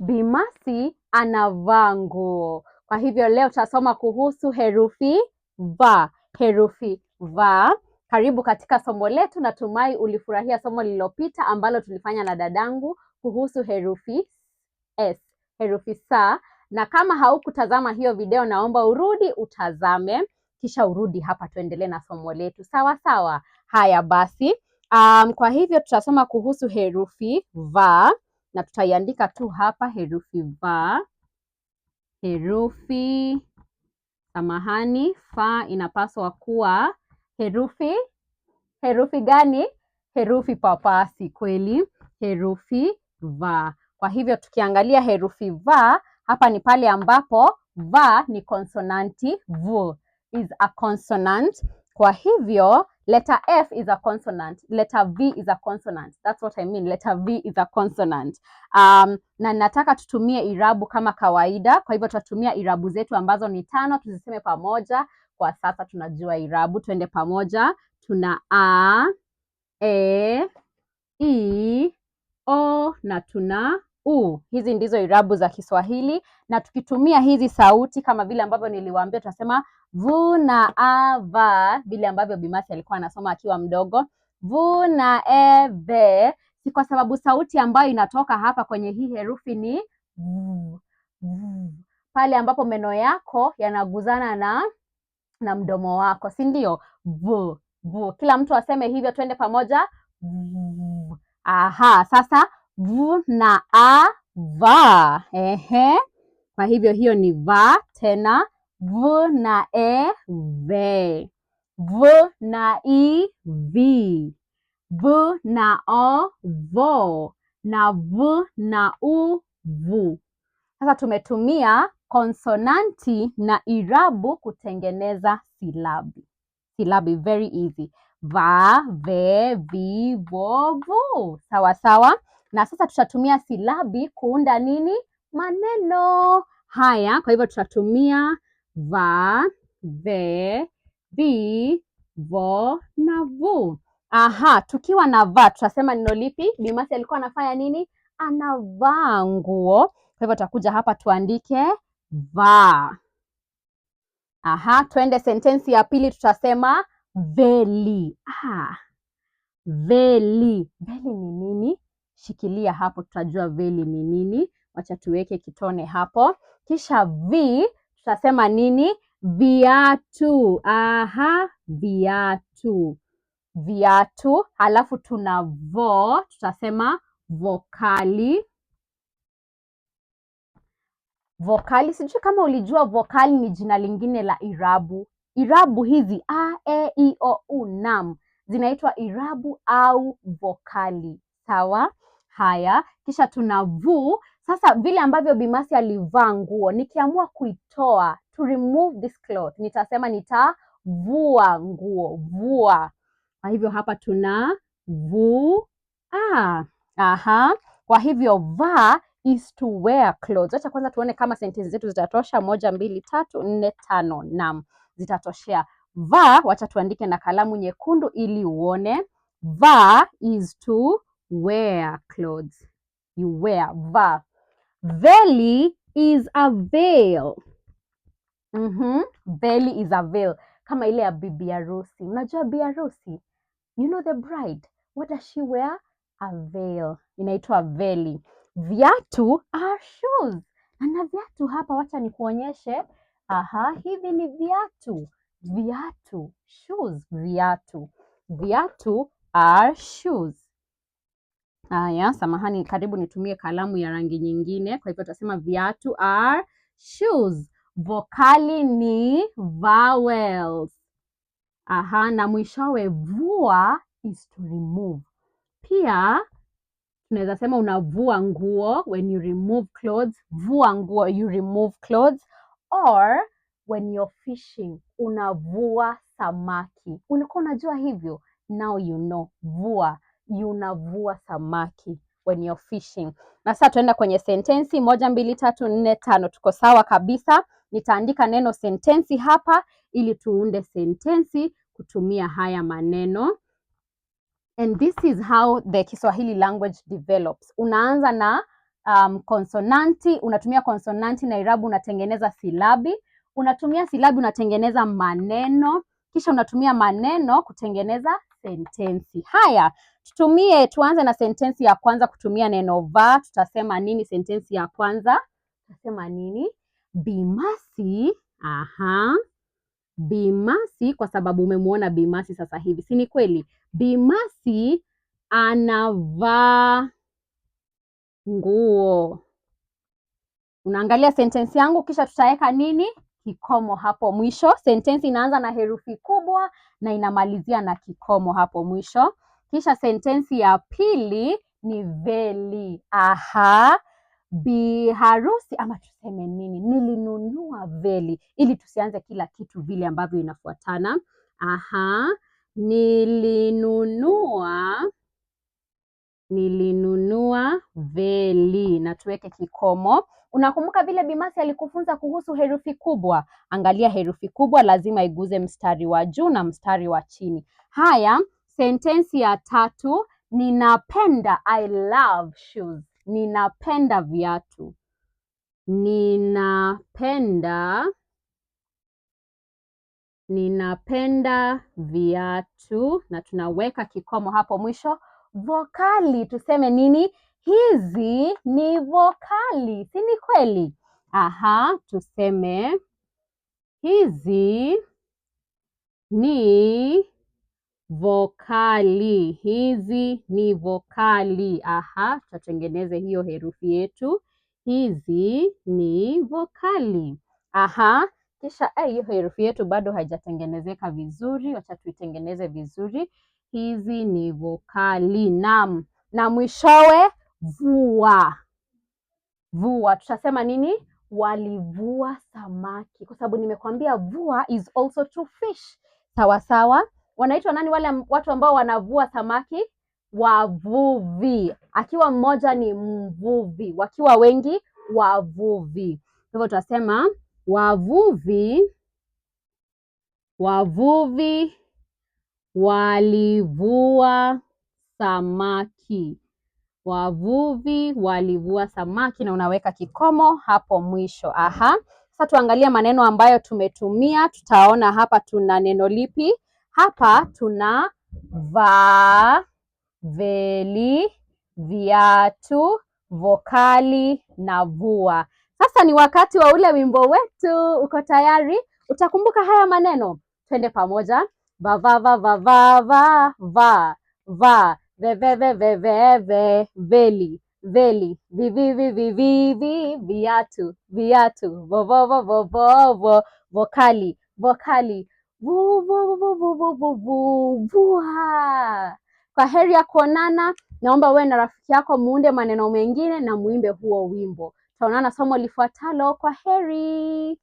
Bi Mercy anavaa nguo. Kwa hivyo leo tutasoma kuhusu herufi V, herufi V. Karibu katika somo letu. Natumai ulifurahia somo lililopita ambalo tulifanya na dadangu kuhusu herufi S, herufi sa. Na kama haukutazama hiyo video, naomba urudi utazame, kisha urudi hapa tuendelee na somo letu, sawa sawa? Haya basi, um, kwa hivyo tutasoma kuhusu herufi V na tutaiandika tu hapa herufi va, herufi samahani, fa inapaswa kuwa herufi herufi gani? Herufi papasi, kweli, herufi va. Kwa hivyo tukiangalia herufi va hapa ni pale ambapo v ni konsonanti, V is a consonant. Kwa hivyo Letter F is a consonant. Letter V is a consonant. That's what I mean. Letter V is a consonant. Um, na nataka tutumie irabu kama kawaida. Kwa hivyo tutatumia irabu zetu ambazo ni tano, tuziseme pamoja. Kwa sasa tunajua irabu, twende pamoja. Tuna a, e, i, o na tuna u. Hizi ndizo irabu za Kiswahili na tukitumia hizi sauti kama vile ambavyo niliwaambia, tunasema vu na a va, vile ambavyo Bimasi alikuwa anasoma akiwa mdogo, vu na e ve, si kwa sababu sauti ambayo inatoka hapa kwenye hii herufi ni pale ambapo meno yako yanaguzana na na mdomo wako, si ndio? Vu, vu. Kila mtu aseme hivyo, twende pamoja. Aha, sasa vu na a va. Ehe, kwa hivyo hiyo ni va, tena v na e ve, v na i vi, v na o vo, na v na u vu. Sasa tumetumia konsonanti na irabu kutengeneza silabi. Silabi very easy. Va, ve, vi, vo, vu. Sawa sawa na sasa tutatumia silabi kuunda nini? Maneno haya. Kwa hivyo tutatumia va, ve, vi, vo na vu. Aha, tukiwa na va tutasema neno lipi? bimasi alikuwa anafanya nini? Anavaa nguo. Kwa hivyo tutakuja hapa tuandike va. Aha, twende sentensi ya pili, tutasema veli. Aha, veli. Veli ni nini? shikilia hapo tutajua veli ni nini. Wacha tuweke kitone hapo, kisha v tutasema nini? Viatu. Aha, viatu, viatu. Halafu tuna vo, tutasema vokali vokali. Sijui kama ulijua vokali ni jina lingine la irabu. Irabu hizi a, e, i, o, u, nam zinaitwa irabu au vokali. Sawa haya, kisha tuna vu. Sasa vile ambavyo Bimasi alivaa nguo, nikiamua kuitoa to remove this cloth, nitasema nitavua nguo, vua. Kwa hivyo hapa tuna vu ah. Aha. Kwa hivyo vaa is to wear clothes. Acha kwanza tuone kama sentensi zetu zitatosha. Moja, mbili, tatu, nne, tano. Naam, zitatoshea. Vaa, wacha tuandike na kalamu nyekundu ili uone. Vaa is to wear clothes. You wear, va. Veli is a veil. Mm-hmm. Veli is a veil. Kama ile ya bibi harusi. Unajua bibi harusi? You know the bride. What does she wear? A veil. Inaitwa veli. Viatu are shoes. Ana viatu hapa, wacha nikuonyeshe. Aha, hivi ni viatu. Viatu, shoes, viatu. Viatu are shoes. Haya, samahani, karibu nitumie kalamu ya rangi nyingine. Kwa hivyo tutasema viatu are shoes. Vokali ni vowels. Aha, na mwishowe vua is to remove. Pia tunaweza sema unavua nguo, when you remove clothes. Vua nguo, you remove clothes, or when you're fishing, unavua samaki. Ulikuwa unajua hivyo? Now you know, vua unavua samaki when you're fishing. Na sasa tuenda kwenye sentensi moja, mbili, tatu, nne, tano. Tuko sawa kabisa. Nitaandika neno sentensi hapa ili tuunde sentensi kutumia haya maneno. And this is how the Kiswahili language develops. Unaanza na um, konsonanti, unatumia konsonanti na irabu unatengeneza silabi, unatumia silabi unatengeneza maneno, kisha unatumia maneno kutengeneza sentensi. Haya, Tutumie, tuanze na sentensi ya kwanza kutumia neno vaa. Tutasema nini sentensi ya kwanza? Tutasema nini? Bimasi. Aha, Bimasi, kwa sababu umemwona Bimasi sasa hivi, si ni kweli? Bimasi anavaa nguo. Unaangalia sentensi yangu, kisha tutaweka nini kikomo hapo mwisho. Sentensi inaanza na herufi kubwa na inamalizia na kikomo hapo mwisho. Kisha sentensi ya pili ni veli. Aha, bi harusi ama tuseme nini, nilinunua veli, ili tusianze kila kitu vile ambavyo inafuatana. Aha, nilinunua nilinunua veli, na tuweke kikomo. Unakumbuka vile Bimasi alikufunza kuhusu herufi kubwa? Angalia, herufi kubwa lazima iguze mstari wa juu na mstari wa chini. Haya, Sentensi ya tatu, ninapenda I love shoes. Ninapenda viatu. Ninapenda ninapenda viatu na tunaweka kikomo hapo mwisho. Vokali tuseme nini? Hizi ni vokali, si ni kweli? Aha, tuseme hizi ni Vokali. Hizi ni vokali. Aha, tutatengeneza hiyo herufi yetu. Hizi ni vokali. Aha, kisha eh, hiyo herufi yetu bado haijatengenezeka vizuri. Wacha tuitengeneze vizuri. Hizi ni vokali. Naam, na mwishowe vua. Vua. Tutasema nini? Walivua samaki. Kwa sababu nimekuambia vua is also to fish. Sawa sawa wanaitwa nani wale watu ambao wanavua samaki? Wavuvi. Akiwa mmoja ni mvuvi, wakiwa wengi wavuvi. Kwa hivyo tunasema wavuvi, wavuvi walivua samaki. Wavuvi walivua samaki, na unaweka kikomo hapo mwisho. Aha, sasa tuangalie maneno ambayo tumetumia. Tutaona hapa tuna neno lipi hapa tuna vaa, veli, viatu, vokali na vua. Sasa ni wakati wa ule wimbo wetu. Uko tayari? Utakumbuka haya maneno, twende pamoja: vavava va va veveveveveve veli veli vivivi viatu viatu vovovovovovo vokali vokali Vuha. Kwa heri ya kuonana, naomba wewe na rafiki yako muunde maneno mengine na muimbe huo wimbo. Tutaonana somo lifuatalo. Kwa heri.